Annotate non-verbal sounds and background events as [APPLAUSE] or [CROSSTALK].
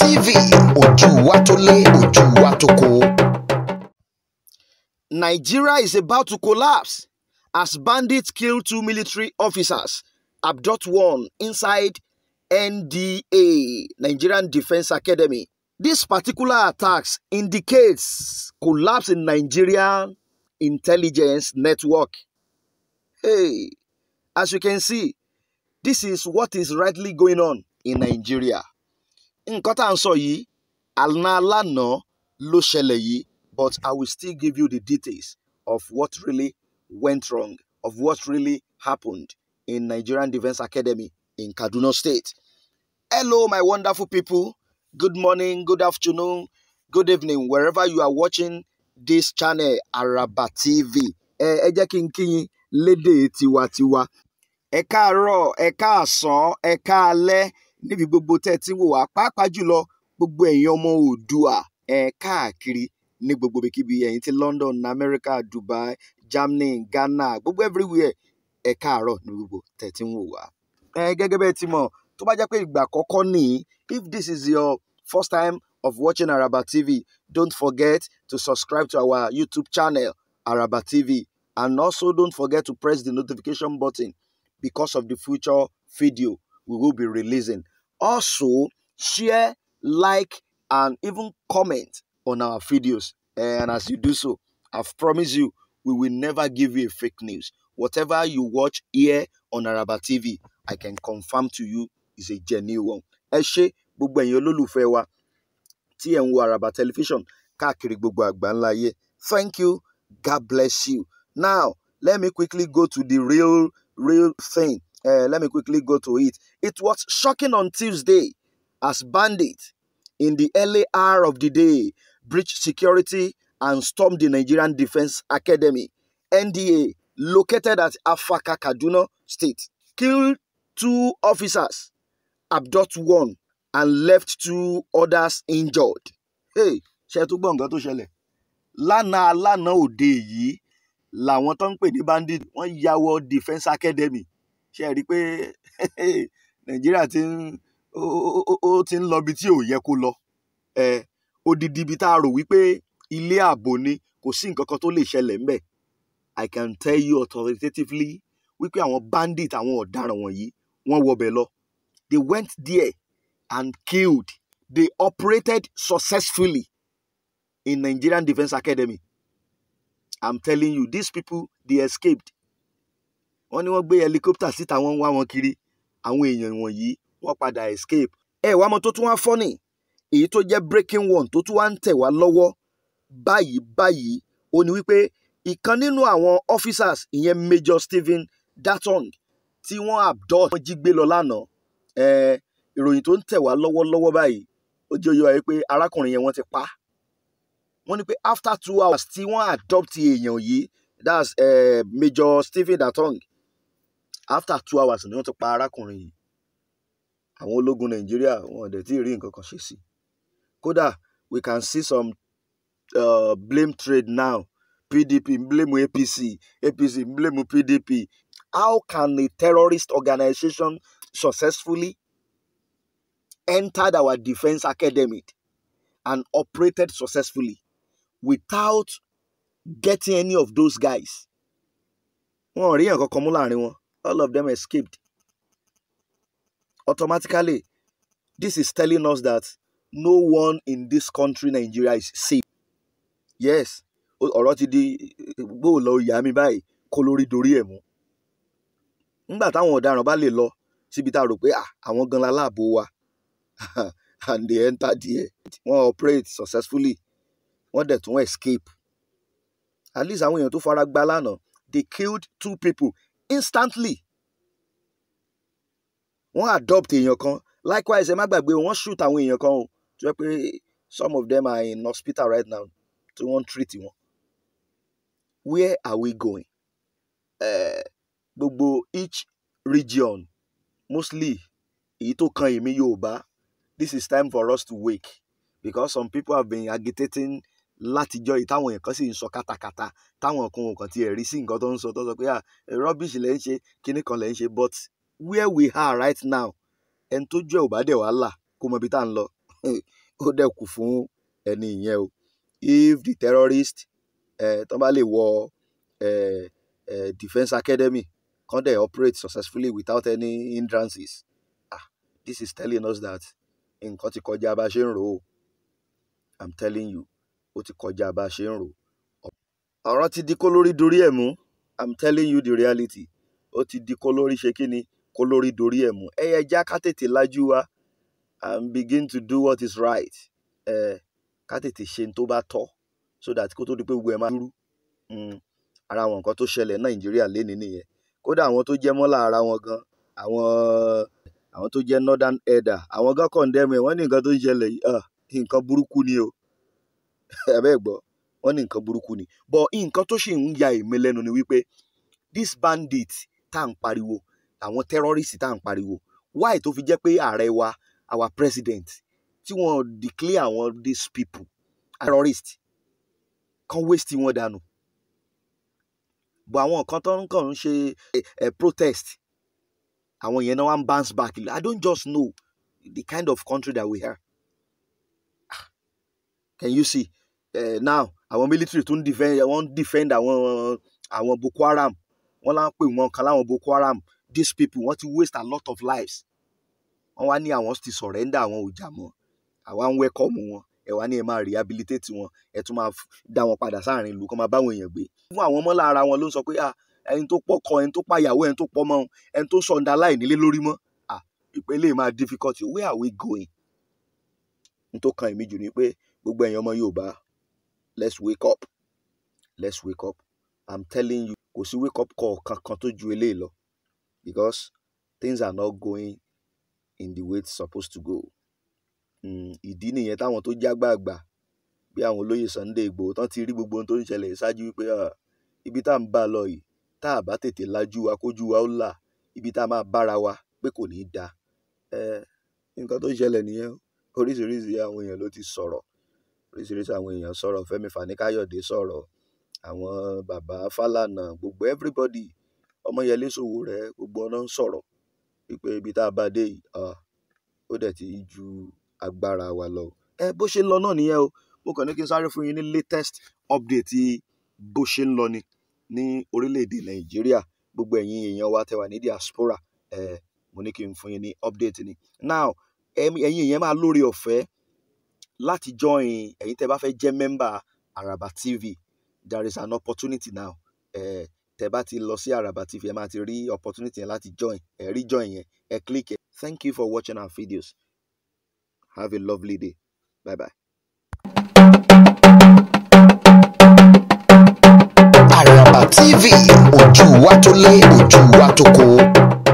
TV ojú wa ojú Nigeria is about to collapse as bandits kill two military officers, abduct one inside NDA, Nigerian Defence Academy. This particular attacks indicates collapse in Nigerian intelligence network. Hey, as you can see, this is what is rightly going on in Nigeria. nǹkan tá à ń sọ yìí àná lánàá ló ṣẹlẹ̀ yìí but I will still give you the details of what really went wrong of what really happened in Nigerian Defence Academy in Kaduna State. Hello, my wonderful people. Good morning, good afternoon, good evening, wherever you are watching this channel, Araba TV. Ẹ jẹ́ kí n kí yín lédè tiwantiwa. Ẹ káàárọ̀, ẹ káàsán, ẹ káalẹ́ níbi gbogbo tẹ́ ẹ ti wò wá pàápàá jùlọ gbogbo ẹ̀yin ọmọ Oòduà ẹ káàkiri ní gbogbo ibikíbi ẹ̀yin ti London America Dubai Germany Ghana gbogbo everywhere ẹ káàárọ̀ ní gbogbo tẹ́ ẹ ti wò wá. ẹ gẹ́gẹ́ bẹ́ẹ̀ ti mọ̀ tó bá jẹ́ pé ìgbà àkọ́kọ́ nìyí if this is your first time of watching Araba TV don't forget to subscribe to our YouTube channel Araba TV and also don't forget to press the notification button because of the future video we will be releasing. Also, share, like, and even comment on our videos. And as you do so, I promise you, we will never give you fake news. Whatever you watch here on Araba TV, I can confirm to you is a genuine one. Ẹ ṣé gbogbo tí Araba television káàkiri gbogbo àgbáńlá ayé. Thank you. God bless you. Now, let me quickly go to the real, real thing Uh, let me quickly go to it. It was shocking on Tuesday as bandits in the early hour of the day breached security and stormed the Nigerian Defense Academy, NDA, located at Afaka, Kaduna State. Killed two officers, abduct one, and left two others injured. Hey, ṣe tó gbọ́ nǹkan tó ṣẹlẹ̀ la lánàá òde yìí làwọn tó ń pè ní bandit wọ́n ya Defense Academy ṣe rí i pé nàìjíríà ti ń ó ti ń lọ ibi tí ò yẹ kó lọ odidi ibi tá a rò wípé ilé ààbò ni kò sí nǹkan kan tó lè ṣẹlẹ̀ ńbẹ̀ i can tell you authoritatively wípé àwọn bandit àwọn ọ̀daràn wọ̀nyí wọ́n wọbẹ̀ lọ they went there and killed they operated successfully in Nigerian Defence Academy i'm telling you these people they escaped wọ́n ní wọ́n gbé helicopter síta wọ́n ń wá wọn kiri àwọn èèyàn wọ̀nyí wọ́n padà escape. ẹ wá mọ tó tún wá fọ́nì èyí tó jẹ́ breaking one tó tún wá ń tẹ̀ wá lọ́wọ́ báyìí báyìí ó ní wípé ìkan nínú àwọn officers ìyẹn Major Stephen Datong tí wọ́n abduct wọ́n jí gbé lọ lánàá ẹ ìròyìn tó ń tẹ̀ wá lọ́wọ́lọ́wọ́ báyìí ó jẹ́ òye wa arákùnrin yẹn wọ́n ti pa á wọ́n ní pé after two hours tí wọ́n adopt èèyàn yìí that's uh, Major Stephen Datong after two hours ni wọ́n ti pa arákùnrin yìí àwọn ológun nàìjíríà wọn ò dẹ̀ tí ì rí nǹkan kan ṣe sí kódà we can see some uh, blame trade now PDP blame APC APC blame PDP how can a terrorist organization successfully entered our Defence academy and operated successfully without getting any of those guys wọn ò rí nǹkan kan mú láàrin wọn all of them escaped. Automatically, this is telling us that no one in this country, Nigeria, is safe. Yes, ọ̀rọ̀ ti di bó lọ ìyá mi báyìí kó lórí dorí ẹ̀ mú. Nígbà táwọn ọ̀daràn bá lè lọ síbi tá a rò pé ah, àwọn gan la láàbò wa [LAUGHS] and they enter there. Wọ́n operate successfully. Wọ́n dẹ̀ tún escape. At least àwọn èèyàn tó fara gbá lánàá they killed two people instantly wọ́n adopt èèyàn kan likewise ẹ má gbàgbé wọ́n shoot àwọn èèyàn kan o tó yẹ pé some of them are in hospital right now tí wọ́n treat wọn where are we going uh, gbogbo each region mostly èyí tó kan èmi Yorùbá this is time for us to wake because some people have been agitating látijọ́ yìí táwọn èèyàn kan sì ń sọ kátakátá táwọn kan kan ti ẹ̀rí sí nǹkan tó ń sọ tó sọ pé ah, rubbish lẹ́ ń ṣe kinní kan lẹ́ ń ṣe but where we are right now ẹni tó jẹ́ ò bá dẹ̀ wá là kó mọ ibi tá à ń lọ [LAUGHS] ó dẹ̀ kù fún ẹni ìyẹn o if the terrorist eh, tó bá lè wọ defence academy kan dẹ̀ operate successfully without any hindrances ah this is telling us that nǹkan ti kọjá bá ṣe ń rò ó i'm telling you ó ti kọjá bá a ṣe ń rò ọ̀rọ̀ ti di kó lórí dorí ẹ̀ mú i'm telling you the reality ó ti di kó lórí ṣe kíni kó lórí dorí ẹ̀ mú ẹ̀yẹ já ká tètè lájú wa and begin to do what is right ẹ̀ ká tètè ṣe tó bá tọ́ so that kó tó di pé gbogbo ẹ̀ máa dúró hmm, ara àwọn nǹkan tó ṣẹlẹ̀ nàìjíríà lé ní nìyẹn kódà àwọn tó jẹ́ mọ́là ara wọn gan àwọn àwọn tó jẹ́ northern elder àwọn gan condemn ẹ̀ wọ́n ní nǹkan tó ń ṣẹlẹ̀ yìí ah, nǹkan burúkú ni o abẹ́ẹ̀ [LAUGHS] gbọ́ wọ́n ní nǹkan burúkú ni bọ̀ nǹkan tó sì ń ya èmi lẹ́nu ni wípé this bandit tá à ń pariwo àwọn terrorist tá à ń pariwo why tó fi jẹ́ pé ààrẹ wa our president tí wọ́n declare àwọn these people terrorist kan waste wọn dànù bọ̀ àwọn kan tó ń kàn ń ṣe eh, protest àwọn yẹn náà wá ń bounce back I don't just know the kind of country that we are ah, can you see eh, now àwọn military tún defend wọ́n defend àwọn àwọn Boko Haram wọ́n là ń pè wọ́n kan láwọn Boko Haram these people wọ́n ti waste a lot of lives wọ́n wá ní àwọn ti surrender àwọn ọjà mọ́ àwa ń welcome wọn ẹ wá ní ẹ máa rehabilitate wọn ẹ tún máa dá wọn padà sáàrin ìlú kó máa báwọn èèyàn gbé fún àwọn ọmọ lára wọn ló ń sọ pé ah ẹni tó pọ̀ kọ ẹni tó pàyàwó ẹni tó pọ̀ mọ́ ẹni tó sọ̀ǹda láìnílé lórí mọ́ ah ìpele máa difficult where are we going n tó kan èmi jù ni pé gbogbo ẹ̀yin ọmọ Yorùbá let's wake up let's wake up i'm telling you kò sí wake up call kankan tó ju eléyìí lọ because things are not going in the way it's supposed to go hmm, ìdí nìyẹn táwọn tó jágbàgbà bí àwọn olóyè Sunday Igboho tán ti rí gbogbo ohun tó ń ṣẹlẹ̀ ṣáájú wípé ibi tá à ń bá a lọ yìí tá a bá tètè lajú wa kójú wa ó là ibi tá a máa bára wa pé kò ní í da nǹkan tó ń ṣẹlẹ̀ nìyẹn oríṣiríṣi àwọn èèyàn ló ti sọ̀rọ̀ oríṣiríṣi àwọn èèyàn sọ̀rọ̀ Fẹ́mi Fani-Káyọ̀dé sọ̀rọ̀ àwọn bàbá Fálànà gbogbo everybody Ọmọyẹlé Sowore gbogbo ọ̀nà ń sọ̀rọ̀ wípé ibi tá a bá dé yìí ó dẹ̀ ti ju agbára wa lọ. ẹ bó ṣe lọ náà nìyẹn o mo kàn ní kí n sáré fún yín ní latest update bó ṣe ń lọ ni ní orílẹ̀-èdè Nàìjíríà gbogbo ẹ̀yin èèyàn wa tẹ́ wà ní diaspora ẹ mo ní kí n fún yín ní update ni now ẹ̀yin èèyàn máa lórí ọ̀fẹ́ láti join ẹ̀yin tẹ́ bá fẹ́ jẹ́ mẹ́mbà Araba TV there is an opportunity now eh, tẹ́ bá ti lọ sí Araba TV ẹ máa ti rí opportunity yẹn láti join ẹ rí join yẹn ẹ click ẹ thank you for watching our videos have a lovely day bye bye. Araba TV ojú wa tó lé ojú wa tó kó.